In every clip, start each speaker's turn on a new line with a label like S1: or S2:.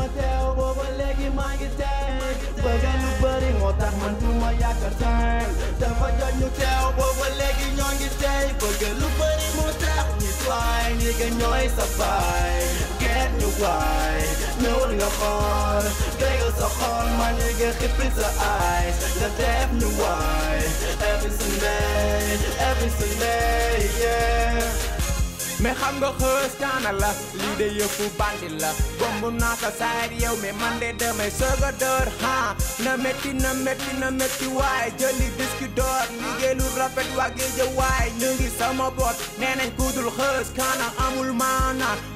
S1: ma teew booba léegi maa ngi teew bëgga lu bëri moo tax man du ma yàgg a teew dafa jot ñu teew booba léegi ñoo ngi teew bëgga lu bëri moo tax ñu waay ñi nga ñooy sa baay geet ñu waay ñëwul nga xool déggal sa xool man ñi nga xippi sa eyes nga def ñu waay every Sunday mais xam nga xës kaana la lii de yëfu bandi la bomb naa ko saayir yow mais man de damay soog a door na métti na métti na métti waaye jëli disque d'or liggéey lu rafet waa géej waaye ñu sama bopp nee nañ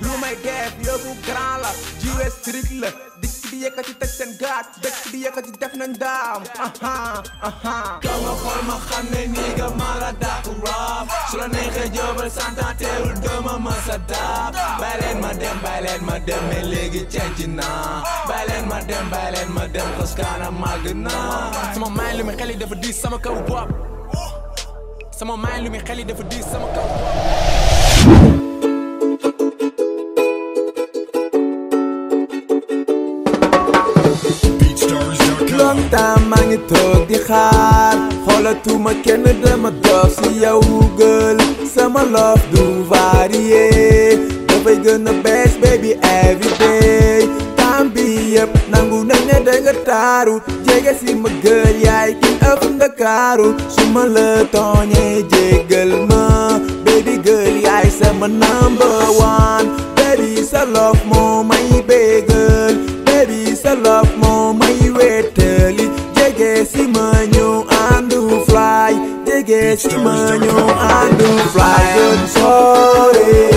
S1: ku may def yëfu grand la jiwe strict la dikk di yëkkati teg seen gaat dëkk di yëkkati def nañ daam aha aha. ma xam ne nii nga mara daa rap su la neexee jëbal santaan teewul doomu ma sa daab bàyyi ma dem bàyyi ma dem mais léegi cenc naa bàyyi leen ma dem bàyyi ma dem xos kaana màgg naa sama maay lu muy xel yi dafa diis sama kaw bopp sama maay lu muy xel dafa diis sama kaw bopp di xoolatuma kenn dama dof si yow Google sama love du varié dafay gën a bees baby every day temps bi yëpp nangu nañ ne taaru jege si ma gël yaay ki ëpp Ndakaaru su ma la tooñee jéggal ma baby girl yaay sama number one baby sa love ci ma ñëw ànd fly dem soirée.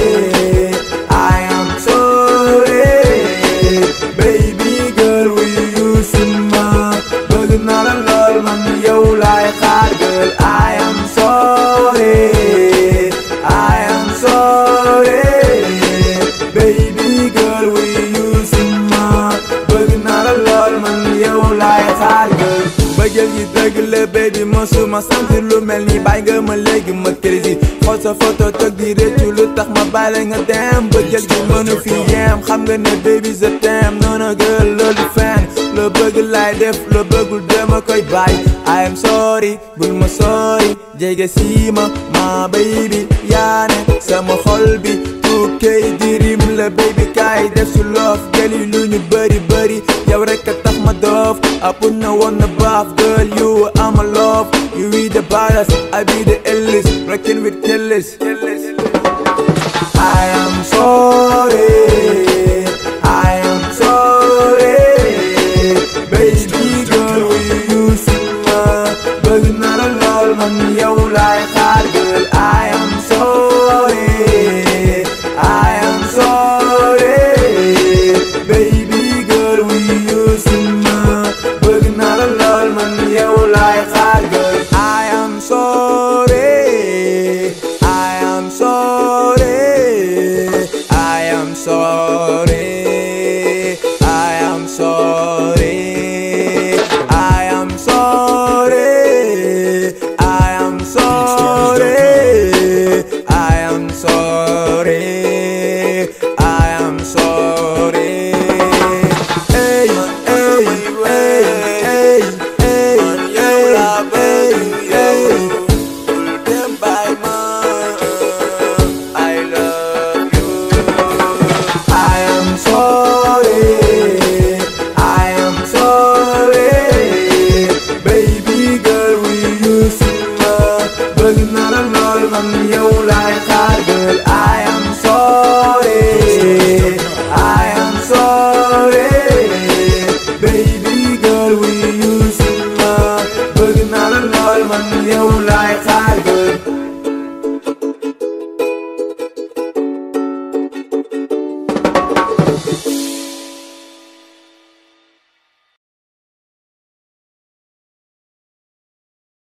S1: baby mësuma sentir lu mel ni bàyyi nga ma léegi ma crazy xool sa photo toog di réccu lu tax ma bàyyi nga dem ba jël gi mënu fi yem xam nga ne baby je t'aime non non girl loolu fen def loo bëggul dama koy bàyyi I am sorry bul ma sorry jege sii ma la baby kaay def su loof gëli lu ñu bëri bëri yow rek a put na won the bath, girl, you are my love. You be the baddest, I be the illest, I am sorry, I am sorry. Baby girl, we use it, but not a lot, man, your life. mulai kagel ayam